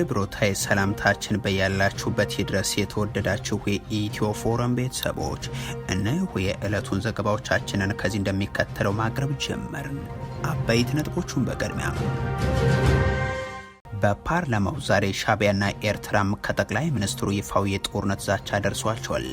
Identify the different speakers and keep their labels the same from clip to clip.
Speaker 1: ክብሮታይ ሰላምታችን በያላችሁበት ይድረስ የተወደዳችሁ የኢትዮ ፎረም ቤተሰቦች፣ እነሆ የዕለቱን ዘገባዎቻችንን ከዚህ እንደሚከተለው ማቅረብ ጀመርን። አበይት ነጥቦቹን በቅድሚያ በፓርላማው ዛሬ ሻቢያና ኤርትራም ከጠቅላይ ሚኒስትሩ ይፋው የጦርነት ዛቻ ደርሷቸዋል።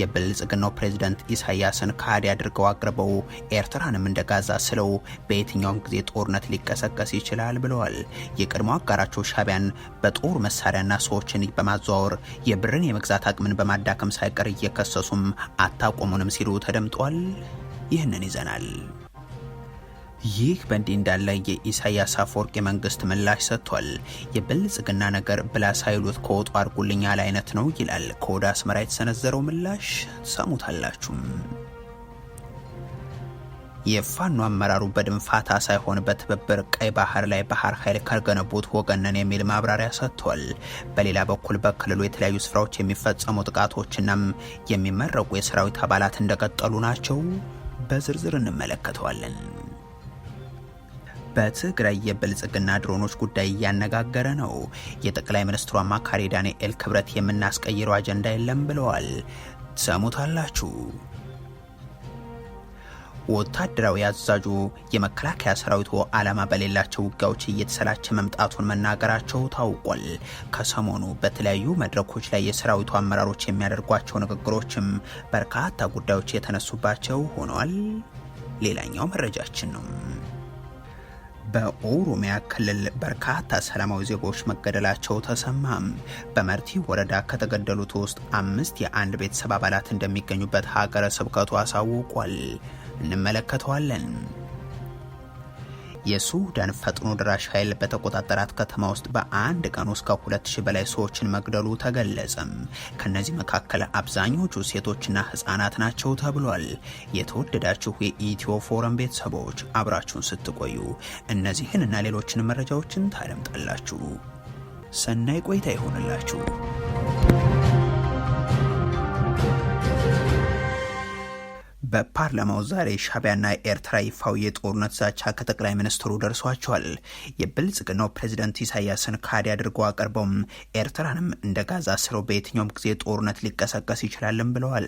Speaker 1: የብልጽግናው ፕሬዝደንት ኢሳያስን ከሃዲ አድርገው አቅርበው ኤርትራንም እንደ ጋዛ ስለው በየትኛውም ጊዜ ጦርነት ሊቀሰቀስ ይችላል ብለዋል። የቀድሞ አጋራቸው ሻቢያን በጦር መሳሪያና ሰዎችን በማዘዋወር የብርን የመግዛት አቅምን በማዳከም ሳይቀር እየከሰሱም አታቆሙንም ሲሉ ተደምጧል። ይህንን ይዘናል። ይህ በእንዲህ እንዳለ የኢሳያስ አፈወርቅ መንግስት ምላሽ ሰጥቷል። የብልጽግና ነገር ብላ ሳይሉት ከወጡ አድርጉልኛል አይነት ነው ይላል። ከወደ አስመራ የተሰነዘረው ምላሽ ሰሙታላችሁም። የፋኖ አመራሩ በድንፋታ ሳይሆን በትብብር ቀይ ባህር ላይ ባህር ኃይል ካልገነቡት ወገነን የሚል ማብራሪያ ሰጥቷል። በሌላ በኩል በክልሉ የተለያዩ ስፍራዎች የሚፈጸሙ ጥቃቶችናም የሚመረቁ የሰራዊት አባላት እንደቀጠሉ ናቸው። በዝርዝር እንመለከተዋለን። በትግራይ የብልጽግና ድሮኖች ጉዳይ እያነጋገረ ነው። የጠቅላይ ሚኒስትሩ አማካሪ ዳንኤል ክብረት የምናስቀይረው አጀንዳ የለም ብለዋል። ሰሙታላችሁ። ወታደራዊ አዛዡ የመከላከያ ሰራዊቱ ዓላማ በሌላቸው ውጊያዎች እየተሰላቸ መምጣቱን መናገራቸው ታውቋል። ከሰሞኑ በተለያዩ መድረኮች ላይ የሰራዊቱ አመራሮች የሚያደርጓቸው ንግግሮችም በርካታ ጉዳዮች የተነሱባቸው ሆነዋል። ሌላኛው መረጃችን ነው። በኦሮሚያ ክልል በርካታ ሰላማዊ ዜጎች መገደላቸው ተሰማም። በመርቲ ወረዳ ከተገደሉት ውስጥ አምስት የአንድ ቤተሰብ አባላት እንደሚገኙበት ሀገረ ስብከቱ አሳውቋል። እንመለከተዋለን። የሱዳን ፈጥኖ ድራሽ ኃይል በተቆጣጠራት ከተማ ውስጥ በአንድ ቀን ውስጥ ከሁለት ሺህ በላይ ሰዎችን መግደሉ ተገለጸም። ከነዚህ መካከል አብዛኞቹ ሴቶችና ህጻናት ናቸው ተብሏል። የተወደዳችሁ የኢትዮ ፎረም ቤተሰቦች አብራችሁን ስትቆዩ እነዚህን እና ሌሎችን መረጃዎችን ታደምጣላችሁ። ሰናይ ቆይታ ይሆንላችሁ። በፓርላማው ዛሬ ሻቢያና ኤርትራ ይፋው የጦርነት ዛቻ ከጠቅላይ ሚኒስትሩ ደርሷቸዋል። የብልጽግናው ፕሬዚደንት ኢሳያስን ካድ አድርገው አቅርበውም ኤርትራንም እንደ ጋዛ ስረው በየትኛውም ጊዜ ጦርነት ሊቀሰቀስ ይችላልም ብለዋል።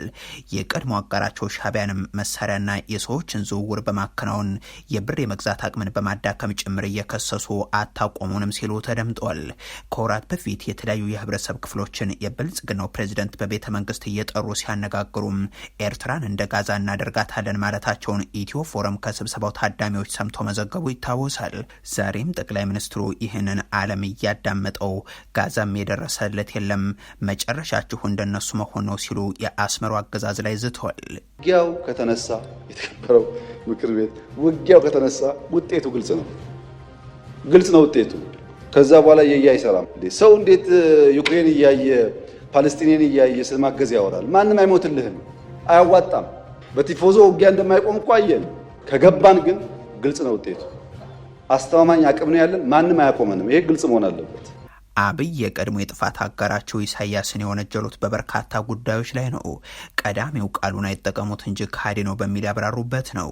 Speaker 1: የቀድሞ አጋራቸው ሻቢያንም መሳሪያና የሰዎችን ዝውውር በማከናወን የብር የመግዛት አቅምን በማዳከም ጭምር እየከሰሱ አታቆሙንም ሲሉ ተደምጠዋል። ከወራት በፊት የተለያዩ የህብረተሰብ ክፍሎችን የብልጽግናው ፕሬዚደንት በቤተ መንግስት እየጠሩ ሲያነጋግሩም ኤርትራን እንደ ጋዛና እናደርጋታለን ማለታቸውን ኢትዮ ፎረም ከስብሰባው ታዳሚዎች ሰምቶ መዘገቡ ይታወሳል። ዛሬም ጠቅላይ ሚኒስትሩ ይህንን ዓለም እያዳመጠው ጋዛም የደረሰለት የለም መጨረሻችሁ እንደነሱ መሆን ነው ሲሉ የአስመሮ አገዛዝ ላይ ዝተዋል። ውጊያው ከተነሳ የተከበረው ምክር ቤት ውጊያው ከተነሳ ውጤቱ ግልጽ ነው፣ ግልጽ ነው ውጤቱ። ከዛ በኋላ የየ አይሰራም። ሰው እንዴት ዩክሬን እያየ ፓለስቲኔን እያየ ስለማገዝ ያወራል? ማንም አይሞትልህም፣ አያዋጣም። በቲፎዞ ውጊያ እንደማይቆም እኮ አየን። ከገባን ግን ግልጽ ነው ውጤቱ። አስተማማኝ አቅም ነው ያለን። ማንም አያቆመንም። ይሄ ግልጽ መሆን አለበት። አብይ የቀድሞ የጥፋት አጋራቸው ኢሳያስን የወነጀሉት በበርካታ ጉዳዮች ላይ ነው። ቀዳሚው ቃሉን አይጠቀሙት እንጂ ካዲ ነው በሚል ያብራሩበት ነው።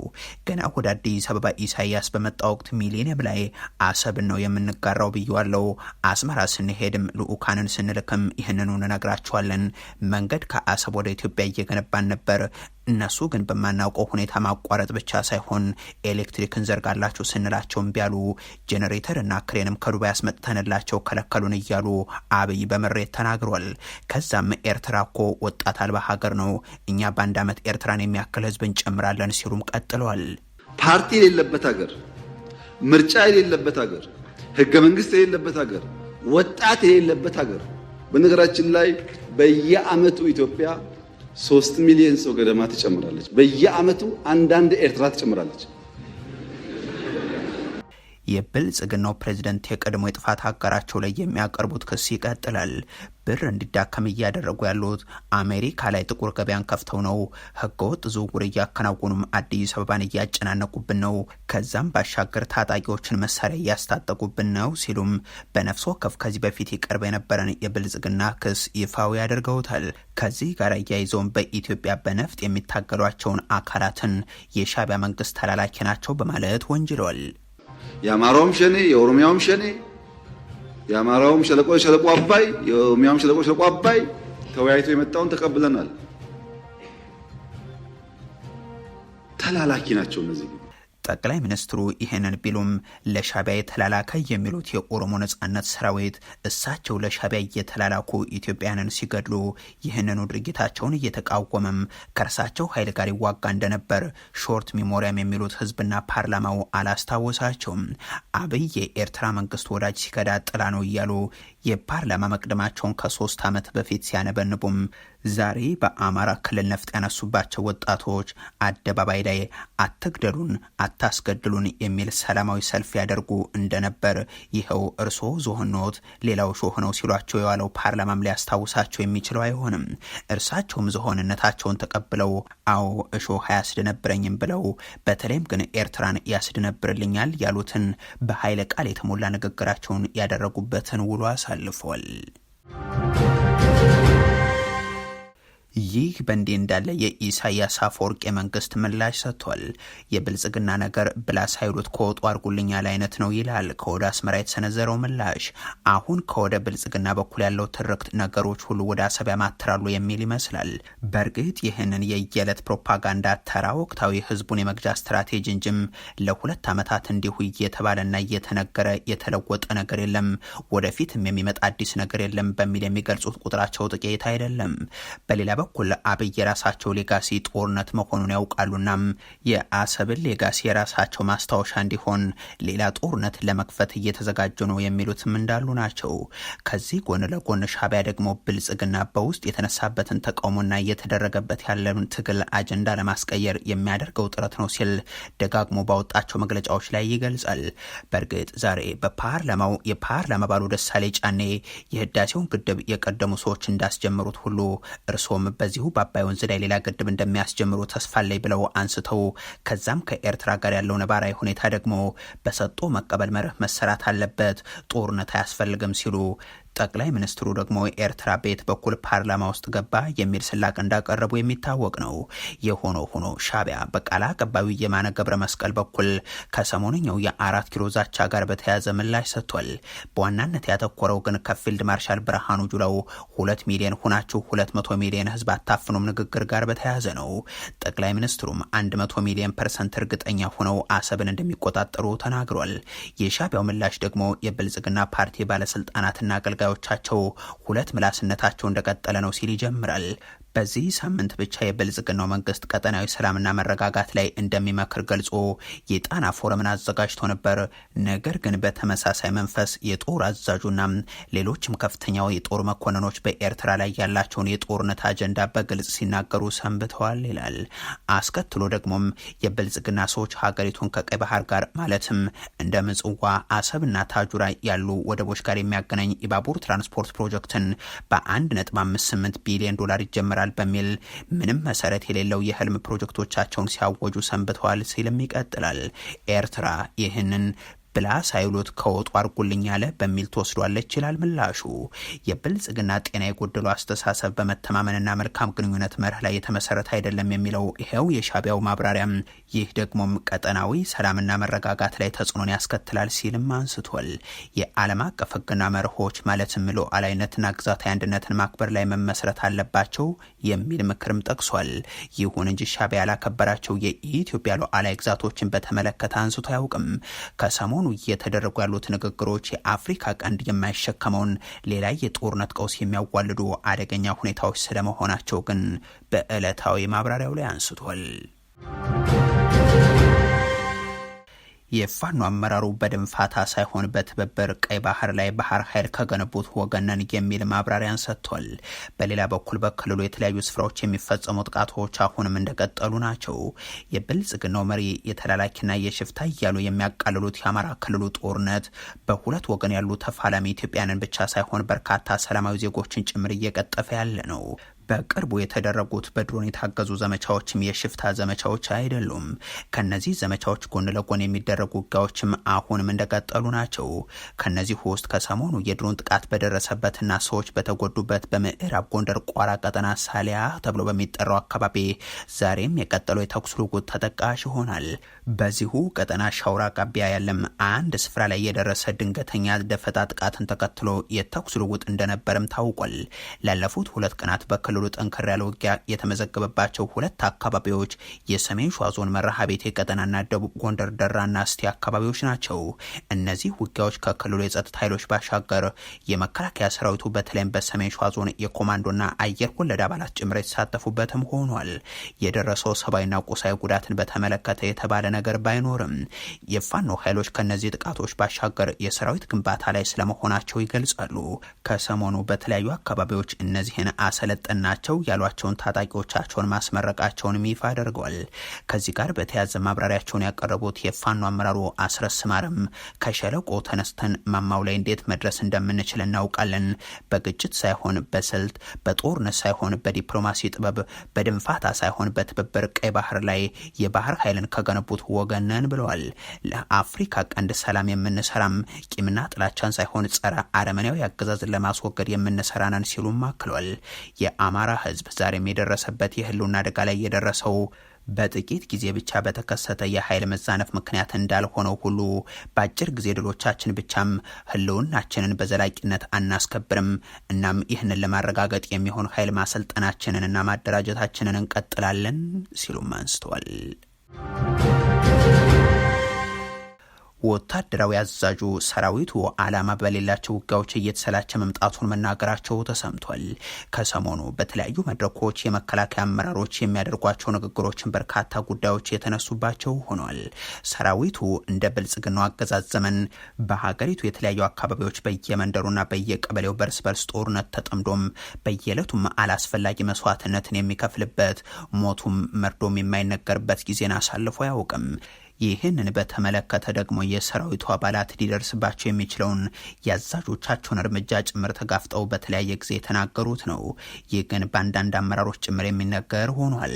Speaker 1: ገና ወደ አዲስ አበባ ኢሳያስ በመጣ ወቅት ሚሊኒየም ላይ አሰብን ነው የምንጋራው ብያለው። አስመራ ስንሄድም ልዑካንን ስንልክም ይህንኑ እንነግራቸዋለን። መንገድ ከአሰብ ወደ ኢትዮጵያ እየገነባን ነበር እነሱ ግን በማናውቀው ሁኔታ ማቋረጥ ብቻ ሳይሆን ኤሌክትሪክ እንዘርጋላችሁ ስንላቸው ቢያሉ ጄኔሬተር እና ክሬንም ከዱባይ አስመጥተንላቸው ከለከሉ አሉን እያሉ አብይ በምሬት ተናግሯል። ከዛም ኤርትራ እኮ ወጣት አልባ ሀገር ነው፣ እኛ በአንድ ዓመት ኤርትራን የሚያክል ህዝብ እንጨምራለን ሲሉም ቀጥለዋል። ፓርቲ የሌለበት ሀገር፣ ምርጫ የሌለበት ሀገር፣ ህገ መንግስት የሌለበት ሀገር፣ ወጣት የሌለበት ሀገር። በነገራችን ላይ በየአመቱ ኢትዮጵያ ሶስት ሚሊዮን ሰው ገደማ ትጨምራለች። በየአመቱ አንዳንድ ኤርትራ ትጨምራለች። የብልጽግናው ፕሬዚደንት የቀድሞ የጥፋት አጋራቸው ላይ የሚያቀርቡት ክስ ይቀጥላል። ብር እንዲዳከም እያደረጉ ያሉት አሜሪካ ላይ ጥቁር ገበያን ከፍተው ነው። ህገወጥ ዝውውር እያከናወኑም አዲስ አበባን እያጨናነቁብን ነው። ከዛም ባሻገር ታጣቂዎችን መሳሪያ እያስታጠቁብን ነው ሲሉም በነፍስ ወከፍ ከዚህ በፊት ይቀርብ የነበረን የብልጽግና ክስ ይፋው ያደርገውታል። ከዚህ ጋር እያይዘውን በኢትዮጵያ በነፍጥ የሚታገሏቸውን አካላትን የሻቢያ መንግስት ተላላኪ ናቸው በማለት ወንጅለዋል። የአማራውም ሸኔ፣ የኦሮሚያውም ሸኔ፣ የአማራውም ሸለቆ ሸለቆ አባይ፣ የኦሮሚያውም ሸለቆ ሸለቆ አባይ ተወያይቶ የመጣውን ተቀብለናል። ተላላኪ ናቸው እነዚህ ጠቅላይ ሚኒስትሩ ይህንን ቢሉም ለሻቢያ የተላላከ የሚሉት የኦሮሞ ነጻነት ሰራዊት እሳቸው ለሻቢያ እየተላላኩ ኢትዮጵያንን ሲገድሉ ይህንኑ ድርጊታቸውን እየተቃወመም ከእርሳቸው ኃይል ጋር ይዋጋ እንደነበር ሾርት ሚሞሪያም የሚሉት ህዝብና ፓርላማው አላስታወሳቸውም። አብይ የኤርትራ መንግስት ወዳጅ ሲከዳ ጥላ ነው እያሉ የፓርላማ መቅደማቸውን ከሶስት ዓመት በፊት ሲያነበንቡም ዛሬ በአማራ ክልል ነፍጥ ያነሱባቸው ወጣቶች አደባባይ ላይ አትግደሉን፣ አታስገድሉን የሚል ሰላማዊ ሰልፍ ያደርጉ እንደነበር ይኸው እርሶ ዝሆኖት ሌላው ሾህ ነው ሲሏቸው የዋለው ፓርላማም ሊያስታውሳቸው የሚችለው አይሆንም። እርሳቸውም ዝሆንነታቸውን ተቀብለው አዎ እሾህ አያስደነብረኝም ብለው በተለይም ግን ኤርትራን ያስደነብርልኛል ያሉትን በኃይለ ቃል የተሞላ ንግግራቸውን ያደረጉበትን ውሎ አሳልፏል። ይህ በእንዲህ እንዳለ የኢሳያስ አፈወርቅ የመንግስት ምላሽ ሰጥቷል። የብልጽግና ነገር ብላ ሳይሉት ከወጡ አርጉልኛል አይነት ነው ይላል ከወደ አስመራ የተሰነዘረው ምላሽ። አሁን ከወደ ብልጽግና በኩል ያለው ትርክት ነገሮች ሁሉ ወደ አሰብ ያማትራሉ የሚል ይመስላል። በእርግጥ ይህንን የየዕለት ፕሮፓጋንዳ ተራ ወቅታዊ ህዝቡን የመግጃ ስትራቴጂ እንጂም ለሁለት ዓመታት እንዲሁ እየተባለና እየተነገረ የተለወጠ ነገር የለም፣ ወደፊትም የሚመጣ አዲስ ነገር የለም በሚል የሚገልጹት ቁጥራቸው ጥቂት አይደለም። በሌላ በኩል አብይ የራሳቸው ሌጋሲ ጦርነት መሆኑን ያውቃሉና የአሰብን ሌጋሲ የራሳቸው ማስታወሻ እንዲሆን ሌላ ጦርነት ለመክፈት እየተዘጋጁ ነው የሚሉትም እንዳሉ ናቸው። ከዚህ ጎን ለጎን ሻቢያ ደግሞ ብልጽግና በውስጥ የተነሳበትን ተቃውሞና እየተደረገበት ያለን ትግል አጀንዳ ለማስቀየር የሚያደርገው ጥረት ነው ሲል ደጋግሞ ባወጣቸው መግለጫዎች ላይ ይገልጻል። በእርግጥ ዛሬ በፓርላማው የፓርላማ ባሉ ደሳሌ ጫኔ የህዳሴውን ግድብ የቀደሙ ሰዎች እንዳስጀመሩት ሁሉ እርሶም በዚሁ በአባይ ወንዝ ላይ ሌላ ግድብ እንደሚያስጀምሩ ተስፋ ላይ ብለው አንስተው ከዛም ከኤርትራ ጋር ያለው ነባራዊ ሁኔታ ደግሞ በሰጦ መቀበል መርህ መሰራት አለበት፣ ጦርነት አያስፈልግም ሲሉ ጠቅላይ ሚኒስትሩ ደግሞ ኤርትራ ቤት በኩል ፓርላማ ውስጥ ገባ የሚል ስላቅ እንዳቀረቡ የሚታወቅ ነው። የሆኖ ሆኖ ሻቢያ በቃል አቀባዩ የማነ ገብረ መስቀል በኩል ከሰሞነኛው የአራት ኪሎ ዛቻ ጋር በተያያዘ ምላሽ ሰጥቷል። በዋናነት ያተኮረው ግን ከፊልድ ማርሻል ብርሃኑ ጁላው ሁለት ሚሊዮን ሁናችሁ ሁለት መቶ ሚሊዮን ህዝብ አታፍኑም ንግግር ጋር በተያያዘ ነው። ጠቅላይ ሚኒስትሩም አንድ መቶ ሚሊዮን ፐርሰንት እርግጠኛ ሆነው አሰብን እንደሚቆጣጠሩ ተናግሯል። የሻቢያው ምላሽ ደግሞ የብልጽግና ፓርቲ ባለስልጣናትና አገልግሎ ታጋዮቻቸው ሁለት ምላስነታቸው እንደቀጠለ ነው ሲል ይጀምራል። በዚህ ሳምንት ብቻ የብልጽግናው መንግስት ቀጠናዊ ሰላምና መረጋጋት ላይ እንደሚመክር ገልጾ የጣና ፎረምን አዘጋጅቶ ነበር። ነገር ግን በተመሳሳይ መንፈስ የጦር አዛዡና ሌሎችም ከፍተኛው የጦር መኮንኖች በኤርትራ ላይ ያላቸውን የጦርነት አጀንዳ በግልጽ ሲናገሩ ሰንብተዋል ይላል። አስከትሎ ደግሞም የብልጽግና ሰዎች ሀገሪቱን ከቀይ ባህር ጋር ማለትም እንደ ምጽዋ፣ አሰብና ታጁራ ያሉ ወደቦች ጋር የሚያገናኝ የባቡር ትራንስፖርት ፕሮጀክትን በ1.58 ቢሊዮን ዶላር ይጀምራል ይቀራል በሚል ምንም መሰረት የሌለው የህልም ፕሮጀክቶቻቸውን ሲያወጁ ሰንብተዋል ሲልም ይቀጥላል። ኤርትራ ይህንን ብላ ሳይሎት ከወጡ አርጉልኝ አለ በሚል ተወስዷለች ይችላል ምላሹ። የብልጽግና ጤና የጎደሉ አስተሳሰብ በመተማመንና መልካም ግንኙነት መርህ ላይ የተመሰረተ አይደለም የሚለው ይኸው የሻቢያው ማብራሪያም፣ ይህ ደግሞም ቀጠናዊ ሰላምና መረጋጋት ላይ ተጽዕኖን ያስከትላል ሲልም አንስቷል። የዓለም አቀፍ ሕግና መርሆች ማለትም ሉዓላዊነትና ግዛታዊ አንድነትን ማክበር ላይ መመስረት አለባቸው የሚል ምክርም ጠቅሷል። ይሁን እንጂ ሻቢያ ያላከበራቸው የኢትዮጵያ ሉዓላዊ ግዛቶችን በተመለከተ አንስቶ አያውቅም። ከሰሞ በአሁኑ እየተደረጉ ያሉት ንግግሮች የአፍሪካ ቀንድ የማይሸከመውን ሌላ የጦርነት ቀውስ የሚያዋልዱ አደገኛ ሁኔታዎች ስለመሆናቸው ግን በዕለታዊ ማብራሪያው ላይ አንስቷል። የፋኖ አመራሩ በድንፋታ ሳይሆን በትብብር ቀይ ባህር ላይ ባህር ኃይል ከገነቡት ወገነን የሚል ማብራሪያን ሰጥቷል። በሌላ በኩል በክልሉ የተለያዩ ስፍራዎች የሚፈጸሙ ጥቃቶች አሁንም እንደቀጠሉ ናቸው። የብልጽግናው መሪ የተላላኪና የሽፍታ እያሉ የሚያቃልሉት የአማራ ክልሉ ጦርነት በሁለት ወገን ያሉ ተፋላሚ ኢትዮጵያንን ብቻ ሳይሆን በርካታ ሰላማዊ ዜጎችን ጭምር እየቀጠፈ ያለ ነው። በቅርቡ የተደረጉት በድሮን የታገዙ ዘመቻዎችም የሽፍታ ዘመቻዎች አይደሉም። ከነዚህ ዘመቻዎች ጎን ለጎን የሚደረጉ ውጊያዎችም አሁንም እንደቀጠሉ ናቸው። ከነዚህ ውስጥ ከሰሞኑ የድሮን ጥቃት በደረሰበትና ሰዎች በተጎዱበት በምዕራብ ጎንደር ቋራ ቀጠና ሳሊያ ተብሎ በሚጠራው አካባቢ ዛሬም የቀጠለው የተኩስ ልውውጥ ተጠቃሽ ይሆናል። በዚሁ ቀጠና ሻውራ ቃቢያ ያለም አንድ ስፍራ ላይ የደረሰ ድንገተኛ ደፈጣ ጥቃትን ተከትሎ የተኩስ ልውውጥ እንደነበርም ታውቋል። ላለፉት ሁለት ቀናት በክልሉ በክልሉ ጠንከር ያለ ውጊያ የተመዘገበባቸው ሁለት አካባቢዎች የሰሜን ሸዋ ዞን መርሃ ቤቴ ቀጠናና ደቡብ ጎንደር ደራና እስቴ አካባቢዎች ናቸው። እነዚህ ውጊያዎች ከክልሉ የጸጥታ ኃይሎች ባሻገር የመከላከያ ሰራዊቱ በተለይም በሰሜን ሸዋ ዞን የኮማንዶና አየር ወለድ አባላት ጭምር የተሳተፉበትም ሆኗል። የደረሰው ሰብአዊና ቁሳዊ ጉዳትን በተመለከተ የተባለ ነገር ባይኖርም የፋኖ ኃይሎች ከነዚህ ጥቃቶች ባሻገር የሰራዊት ግንባታ ላይ ስለመሆናቸው ይገልጻሉ። ከሰሞኑ በተለያዩ አካባቢዎች እነዚህን አሰለጠና ናቸው ያሏቸውን ታጣቂዎቻቸውን ማስመረቃቸውንም ይፋ አድርገዋል። ከዚህ ጋር በተያያዘ ማብራሪያቸውን ያቀረቡት የፋኖ አመራሩ አስረስ ማረም ከሸለቆ ተነስተን ማማው ላይ እንዴት መድረስ እንደምንችል እናውቃለን። በግጭት ሳይሆን በስልት በጦርነት ሳይሆን በዲፕሎማሲ ጥበብ በድንፋታ ሳይሆን በትብብር ቀይ ባህር ላይ የባህር ኃይልን ከገነቡት ወገነን ብለዋል። ለአፍሪካ ቀንድ ሰላም የምንሰራም ቂምና ጥላቻን ሳይሆን ጸረ አረመኔያዊ አገዛዝን ለማስወገድ የምንሰራ ነን ሲሉም አክሏል። የአማ የአማራ ህዝብ ዛሬም የደረሰበት የህልውና አደጋ ላይ የደረሰው በጥቂት ጊዜ ብቻ በተከሰተ የኃይል መዛነፍ ምክንያት እንዳልሆነው ሁሉ በአጭር ጊዜ ድሎቻችን ብቻም ህልውናችንን በዘላቂነት አናስከብርም። እናም ይህንን ለማረጋገጥ የሚሆን ኃይል ማሰልጠናችንን እና ማደራጀታችንን እንቀጥላለን ሲሉም አንስተዋል። ወታደራዊ አዛዡ ሰራዊቱ ዓላማ በሌላቸው ውጊያዎች እየተሰላቸ መምጣቱን መናገራቸው ተሰምቷል። ከሰሞኑ በተለያዩ መድረኮች የመከላከያ አመራሮች የሚያደርጓቸው ንግግሮችን በርካታ ጉዳዮች የተነሱባቸው ሆኗል። ሰራዊቱ እንደ ብልጽግናው አገዛዝ ዘመን በሀገሪቱ የተለያዩ አካባቢዎች በየመንደሩና በየቀበሌው በርስ በርስ ጦርነት ተጠምዶም በየዕለቱም አላስፈላጊ መስዋዕትነትን የሚከፍልበት ሞቱም መርዶም የማይነገርበት ጊዜን አሳልፎ አያውቅም። ይህንን በተመለከተ ደግሞ የሰራዊቱ አባላት ሊደርስባቸው የሚችለውን የአዛዦቻቸውን እርምጃ ጭምር ተጋፍጠው በተለያየ ጊዜ የተናገሩት ነው። ይህ ግን በአንዳንድ አመራሮች ጭምር የሚነገር ሆኗል።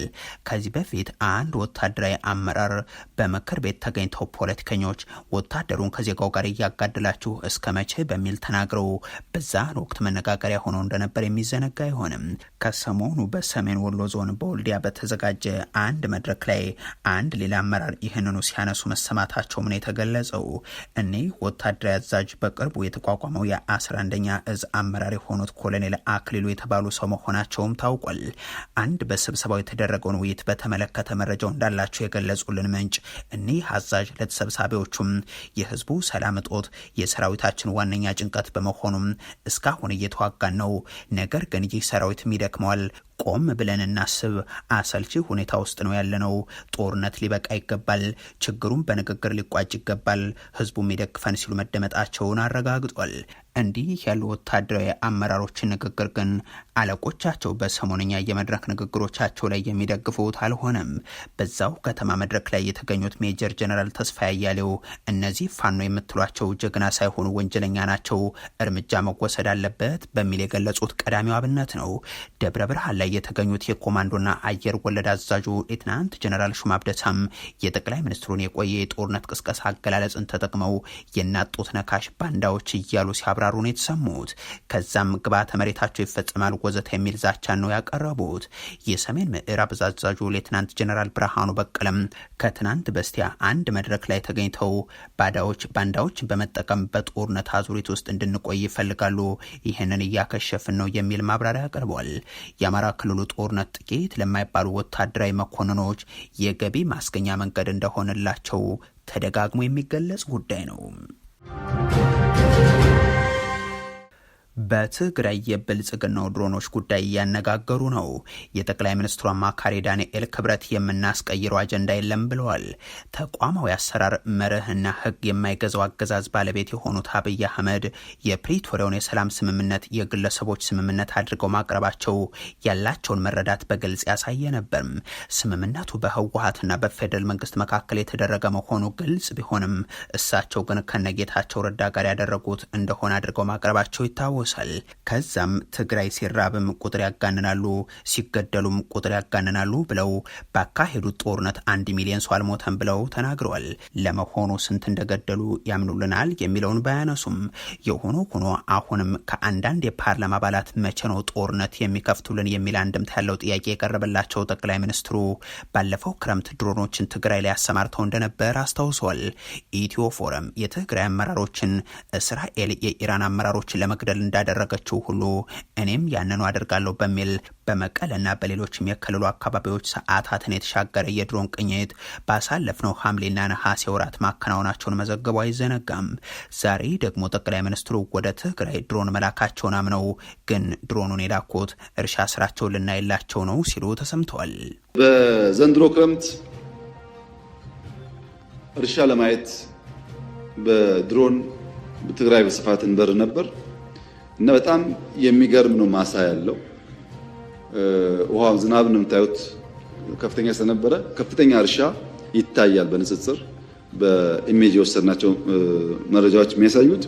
Speaker 1: ከዚህ በፊት አንድ ወታደራዊ አመራር በምክር ቤት ተገኝተው ፖለቲከኞች ወታደሩን ከዜጋው ጋር እያጋደላችሁ እስከ መቼ በሚል ተናግረው በዛን ወቅት መነጋገሪያ ሆነው እንደነበር የሚዘነጋ አይሆንም። ከሰሞኑ በሰሜን ወሎ ዞን በወልዲያ በተዘጋጀ አንድ መድረክ ላይ አንድ ሌላ አመራር ይህንኑ ሲያነሱ መሰማታቸውም ነው የተገለጸው። እኒህ ወታደራዊ አዛዥ በቅርቡ የተቋቋመው የ11ኛ እዝ አመራር የሆኑት ኮሎኔል አክሊሉ የተባሉ ሰው መሆናቸውም ታውቋል። አንድ በስብሰባው የተደረገውን ውይይት በተመለከተ መረጃው እንዳላቸው የገለጹልን ምንጭ እኒህ አዛዥ ለተሰብሳቢዎቹም የህዝቡ ሰላም እጦት የሰራዊታችን ዋነኛ ጭንቀት በመሆኑም እስካሁን እየተዋጋን ነው፣ ነገር ግን ይህ ሰራዊትም ይደክመዋል ቆም ብለን እናስብ። አሰልቺ ሁኔታ ውስጥ ነው ያለነው። ጦርነት ሊበቃ ይገባል። ችግሩም በንግግር ሊቋጭ ይገባል። ህዝቡም ይደግፈን ሲሉ መደመጣቸውን አረጋግጧል። እንዲህ ያሉ ወታደራዊ አመራሮችን ንግግር ግን አለቆቻቸው በሰሞነኛ የመድረክ ንግግሮቻቸው ላይ የሚደግፉት አልሆነም። በዛው ከተማ መድረክ ላይ የተገኙት ሜጀር ጀነራል ተስፋ ያያሌው እነዚህ ፋኖ የምትሏቸው ጀግና ሳይሆኑ ወንጀለኛ ናቸው፣ እርምጃ መወሰድ አለበት በሚል የገለጹት ቀዳሚው አብነት ነው። ደብረ ብርሃን ላይ የተገኙት የኮማንዶና አየር ወለድ አዛዡ ሌትናንት ጀነራል ሹማ የጠቅላይ ሚኒስትሩን የቆየ የጦርነት ቅስቀሳ አገላለጽን ተጠቅመው የናጡት ነካሽ ባንዳዎች እያሉ ሲያብራ ሲያብራሩ የተሰሙት። ከዛም ግብዓተ መሬታቸው ይፈጸማል ወዘተ የሚል ዛቻን ነው ያቀረቡት። የሰሜን ምዕራብ እዝ አዛዡ ሌትናንት ጀነራል ብርሃኑ በቀለም ከትናንት በስቲያ አንድ መድረክ ላይ ተገኝተው ባዳዎች ባንዳዎችን በመጠቀም በጦርነት አዙሪት ውስጥ እንድንቆይ ይፈልጋሉ፣ ይህንን እያከሸፍን ነው የሚል ማብራሪያ አቅርቧል። የአማራ ክልሉ ጦርነት ጥቂት ለማይባሉ ወታደራዊ መኮንኖች የገቢ ማስገኛ መንገድ እንደሆነላቸው ተደጋግሞ የሚገለጽ ጉዳይ ነው። በትግራይ የብልጽግናው ድሮኖች ጉዳይ እያነጋገሩ ነው። የጠቅላይ ሚኒስትሩ አማካሪ ዳንኤል ክብረት የምናስቀይረው አጀንዳ የለም ብለዋል። ተቋማዊ አሰራር መርህና ሕግ የማይገዛው አገዛዝ ባለቤት የሆኑት አብይ አህመድ የፕሪቶሪያውን የሰላም ስምምነት የግለሰቦች ስምምነት አድርገው ማቅረባቸው ያላቸውን መረዳት በግልጽ ያሳየ ነበርም። ስምምነቱ በህወሀትና በፌዴራል መንግስት መካከል የተደረገ መሆኑ ግልጽ ቢሆንም እሳቸው ግን ከነጌታቸው ረዳ ጋር ያደረጉት እንደሆነ አድርገው ማቅረባቸው ይታወ ያስታውሳል። ከዛም ትግራይ ሲራብም ቁጥር ያጋንናሉ፣ ሲገደሉም ቁጥር ያጋንናሉ ብለው ባካሄዱት ጦርነት አንድ ሚሊዮን ሰው አልሞተም ብለው ተናግረዋል። ለመሆኑ ስንት እንደገደሉ ያምኑልናል የሚለውን ባያነሱም የሆነ ሆኖ አሁንም ከአንዳንድ የፓርላማ አባላት መቼ ነው ጦርነት የሚከፍቱልን የሚል አንድምታ ያለው ጥያቄ የቀረበላቸው ጠቅላይ ሚኒስትሩ ባለፈው ክረምት ድሮኖችን ትግራይ ላይ አሰማርተው እንደነበር አስታውሰዋል። ኢትዮ ፎረም የትግራይ አመራሮችን እስራኤል የኢራን አመራሮችን ለመግደል እንዳደረገችው ሁሉ እኔም ያንኑ አደርጋለሁ በሚል በመቀለና በሌሎችም የክልሉ አካባቢዎች ሰዓታትን የተሻገረ የድሮን ቅኝት ባሳለፍነው ሐምሌና ነሐሴ ወራት ማከናወናቸውን መዘገቡ አይዘነጋም። ዛሬ ደግሞ ጠቅላይ ሚኒስትሩ ወደ ትግራይ ድሮን መላካቸውን አምነው ግን ድሮኑን የላኩት እርሻ ስራቸውን ልናይላቸው ነው ሲሉ ተሰምተዋል። በዘንድሮ ክረምት እርሻ ለማየት በድሮን ትግራይ በስፋት እንበር ነበር። እና በጣም የሚገርም ነው ማሳ ያለው ውሃ ዝናብ ነው የምታዩት ከፍተኛ ስለነበረ ከፍተኛ እርሻ ይታያል። በንጽጽር በኢሜጅ የወሰድናቸው መረጃዎች የሚያሳዩት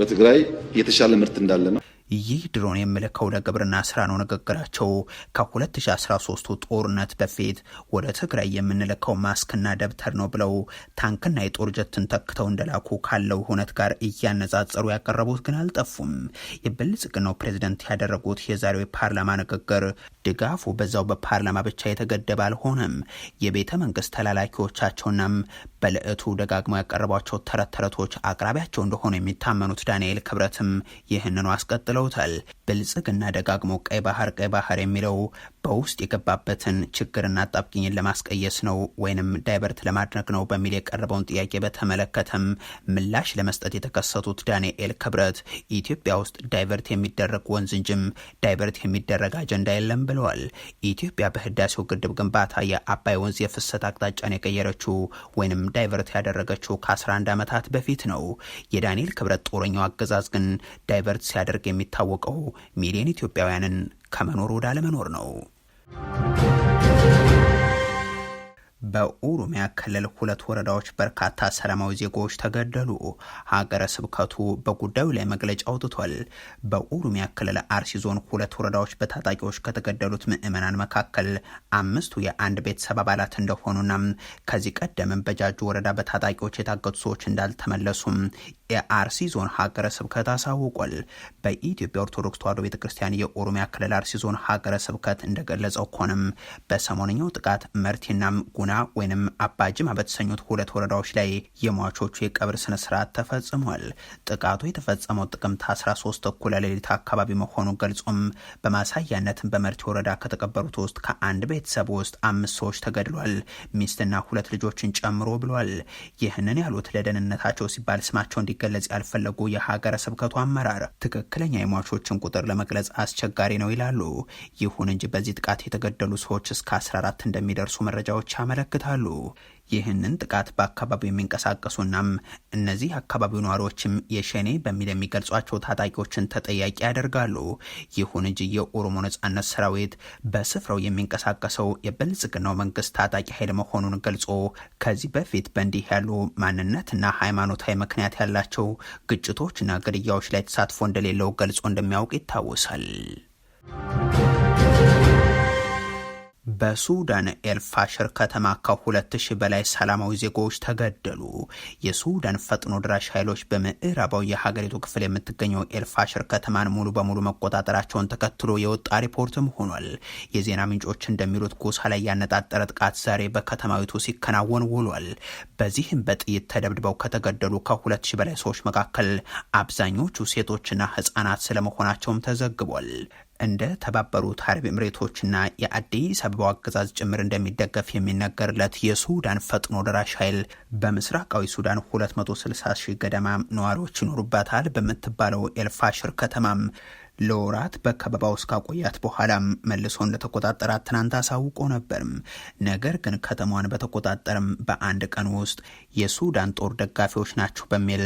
Speaker 1: በትግራይ የተሻለ ምርት እንዳለ ነው። ይህ ድሮን የምልከው ለግብርና ስራ ነው። ንግግራቸው ከ 2013 ጦርነት በፊት ወደ ትግራይ የምንልከው ማስክና ደብተር ነው ብለው ታንክና የጦር ጀትን ተክተው እንደላኩ ካለው ሁነት ጋር እያነጻጸሩ ያቀረቡት ግን አልጠፉም። የብልጽግናው ፕሬዚደንት ያደረጉት የዛሬው የፓርላማ ንግግር ድጋፉ በዛው በፓርላማ ብቻ የተገደበ አልሆነም። የቤተ መንግስት ተላላኪዎቻቸውናም በልዕቱ ደጋግሞ ያቀረቧቸው ተረት ተረቶች አቅራቢያቸው እንደሆኑ የሚታመኑት ዳንኤል ክብረትም ይህንኑ አስቀጥለውታል። ብልጽግና ደጋግሞ ቀይ ባህር ቀይ ባህር የሚለው በውስጥ የገባበትን ችግርና አጣብቂኝን ለማስቀየስ ነው ወይንም ዳይቨርት ለማድረግ ነው በሚል የቀረበውን ጥያቄ በተመለከተም ምላሽ ለመስጠት የተከሰቱት ዳንኤል ክብረት ኢትዮጵያ ውስጥ ዳይቨርት የሚደረግ ወንዝ እንጂም ዳይቨርት የሚደረግ አጀንዳ የለም ብለዋል። ኢትዮጵያ በህዳሴው ግድብ ግንባታ የአባይ ወንዝ የፍሰት አቅጣጫን የቀየረችው ወይንም ዳይቨርት ያደረገችው ከ11 ዓመታት በፊት ነው። የዳንኤል ክብረት ጦረኛው አገዛዝ ግን ዳይቨርት ሲያደርግ የሚታወቀው ሚሊዮን ኢትዮጵያውያንን ከመኖር ወደ አለመኖር ነው። በኦሮሚያ ክልል ሁለት ወረዳዎች በርካታ ሰላማዊ ዜጎች ተገደሉ። ሀገረ ስብከቱ በጉዳዩ ላይ መግለጫ አውጥቷል። በኦሮሚያ ክልል አርሲ ዞን ሁለት ወረዳዎች በታጣቂዎች ከተገደሉት ምዕመናን መካከል አምስቱ የአንድ ቤተሰብ አባላት እንደሆኑና ከዚህ ቀደምም በጃጁ ወረዳ በታጣቂዎች የታገቱ ሰዎች እንዳልተመለሱም የአርሲ ዞን ሀገረ ስብከት አሳውቋል። በኢትዮጵያ ኦርቶዶክስ ተዋሕዶ ቤተ ክርስቲያን የኦሮሚያ ክልል አርሲ ዞን ሀገረ ስብከት እንደገለጸው ከሆነም በሰሞነኛው ጥቃት መርቴናም ጉና ወይም አባጅማ በተሰኙት ሁለት ወረዳዎች ላይ የሟቾቹ የቀብር ስነስርዓት ተፈጽሟል። ጥቃቱ የተፈጸመው ጥቅምት 13 እኩለ ሌሊት አካባቢ መሆኑ ገልጾም በማሳያነትም በመርቲ ወረዳ ከተቀበሩት ውስጥ ከአንድ ቤተሰብ ውስጥ አምስት ሰዎች ተገድሏል፣ ሚስትና ሁለት ልጆችን ጨምሮ ብሏል። ይህንን ያሉት ለደህንነታቸው ሲባል ስማቸው እንዲ እንዲገለጽ ያልፈለጉ የሀገረ ስብከቱ አመራር ትክክለኛ የሟቾችን ቁጥር ለመግለጽ አስቸጋሪ ነው ይላሉ። ይሁን እንጂ በዚህ ጥቃት የተገደሉ ሰዎች እስከ 14 እንደሚደርሱ መረጃዎች ያመለክታሉ። ይህንን ጥቃት በአካባቢው የሚንቀሳቀሱናም እነዚህ አካባቢው ነዋሪዎችም የሸኔ በሚል የሚገልጿቸው ታጣቂዎችን ተጠያቂ ያደርጋሉ። ይሁን እንጂ የኦሮሞ ነጻነት ሰራዊት በስፍራው የሚንቀሳቀሰው የብልጽግናው መንግስት ታጣቂ ኃይል መሆኑን ገልጾ ከዚህ በፊት በእንዲህ ያሉ ማንነትና ሃይማኖታዊ ምክንያት ያላቸው ግጭቶችና ግድያዎች ላይ ተሳትፎ እንደሌለው ገልጾ እንደሚያውቅ ይታወሳል። በሱዳን ኤልፋሽር ከተማ ከሁለት ሺህ በላይ ሰላማዊ ዜጎች ተገደሉ። የሱዳን ፈጥኖ ድራሽ ኃይሎች በምዕራባዊ የሀገሪቱ ክፍል የምትገኘው ኤልፋሽር ከተማን ሙሉ በሙሉ መቆጣጠራቸውን ተከትሎ የወጣ ሪፖርትም ሆኗል። የዜና ምንጮች እንደሚሉት ጎሳ ላይ ያነጣጠረ ጥቃት ዛሬ በከተማዊቱ ሲከናወን ውሏል። በዚህም በጥይት ተደብድበው ከተገደሉ ከሁለት 2000 በላይ ሰዎች መካከል አብዛኞቹ ሴቶችና ህጻናት ስለመሆናቸውም ተዘግቧል። እንደ ተባበሩት አረብ ኤምሬቶችና የአዲስ አበባው አገዛዝ ጭምር እንደሚደገፍ የሚነገርለት የሱዳን ፈጥኖ ደራሽ ኃይል በምስራቃዊ ሱዳን 260 ሺህ ገደማ ነዋሪዎች ይኖሩባታል በምትባለው ኤልፋሽር ከተማም ለወራት በከበባ ውስጥ ካቆያት በኋላም መልሶ እንደተቆጣጠራት ትናንት አሳውቆ ነበርም። ነገር ግን ከተማዋን በተቆጣጠርም በአንድ ቀን ውስጥ የሱዳን ጦር ደጋፊዎች ናቸው በሚል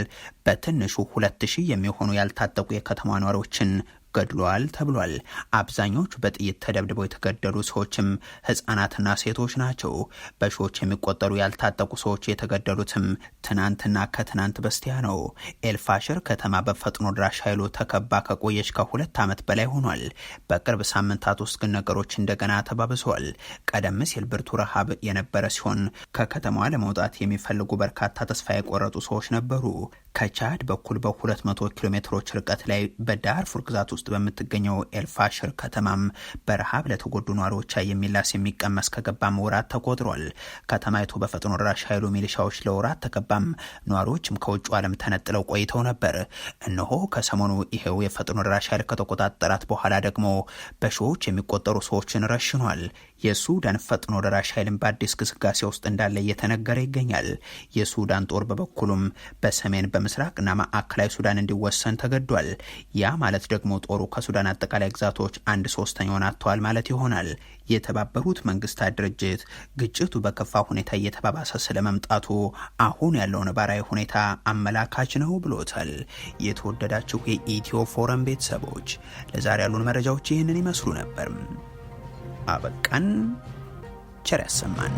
Speaker 1: በትንሹ ሁለት ሺህ የሚሆኑ ያልታጠቁ የከተማ ነዋሪዎችን ገድሏል ተብሏል። አብዛኞቹ በጥይት ተደብድበው የተገደሉ ሰዎችም ህጻናትና ሴቶች ናቸው። በሺዎች የሚቆጠሩ ያልታጠቁ ሰዎች የተገደሉትም ትናንትና ከትናንት በስቲያ ነው። ኤልፋሽር ከተማ በፈጥኖ ድራሽ ኃይሉ ተከባ ከቆየች ከሁለት ዓመት በላይ ሆኗል። በቅርብ ሳምንታት ውስጥ ግን ነገሮች እንደገና ተባብሰዋል። ቀደም ሲል ብርቱ ረሃብ የነበረ ሲሆን ከከተማዋ ለመውጣት የሚፈልጉ በርካታ ተስፋ የቆረጡ ሰዎች ነበሩ። ከቻድ በኩል በ200 ኪሎ ሜትሮች ርቀት ላይ በዳርፉር ግዛት ውስጥ ውስጥ በምትገኘው ኤልፋሽር ከተማም በረሃብ ለተጎዱ ነዋሪዎቿ የሚላስ የሚቀመስ ከገባም ወራት ተቆጥሯል። ከተማይቱ በፈጥኖ ደራሽ ኃይሉ ሚሊሻዎች ለወራት ተገባም፣ ነዋሪዎችም ከውጭ ዓለም ተነጥለው ቆይተው ነበር። እነሆ ከሰሞኑ ይሄው የፈጥኖ ደራሽ ኃይል ከተቆጣጠራት በኋላ ደግሞ በሺዎች የሚቆጠሩ ሰዎችን ረሽኗል። የሱዳን ፈጥኖ ደራሽ ኃይልን በአዲስ ግስጋሴ ውስጥ እንዳለ እየተነገረ ይገኛል። የሱዳን ጦር በበኩሉም በሰሜን በምስራቅና ማዕከላዊ ሱዳን እንዲወሰን ተገዷል። ያ ማለት ደግሞ ጦ ጦሩ ከሱዳን አጠቃላይ ግዛቶች አንድ ሶስተኛውን አጥተዋል ማለት ይሆናል። የተባበሩት መንግስታት ድርጅት ግጭቱ በከፋ ሁኔታ እየተባባሰ ስለመምጣቱ አሁን ያለው ነባራዊ ሁኔታ አመላካች ነው ብሎታል። የተወደዳችሁ የኢትዮ ፎረም ቤተሰቦች ለዛሬ ያሉን መረጃዎች ይህንን ይመስሉ ነበር። አበቃን። ቸር ያሰማን።